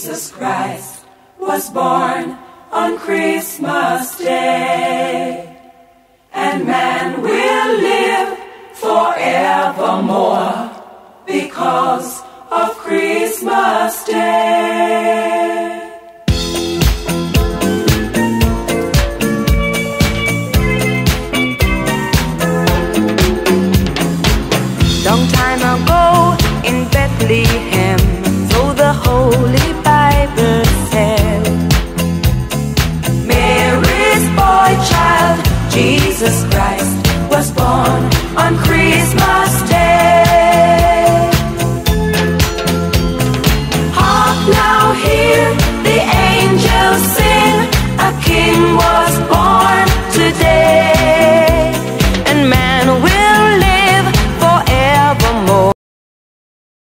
Jesus Christ was born on Christmas Day. And man will live forevermore because of Christmas Day. Jesus Christ was born on Christmas.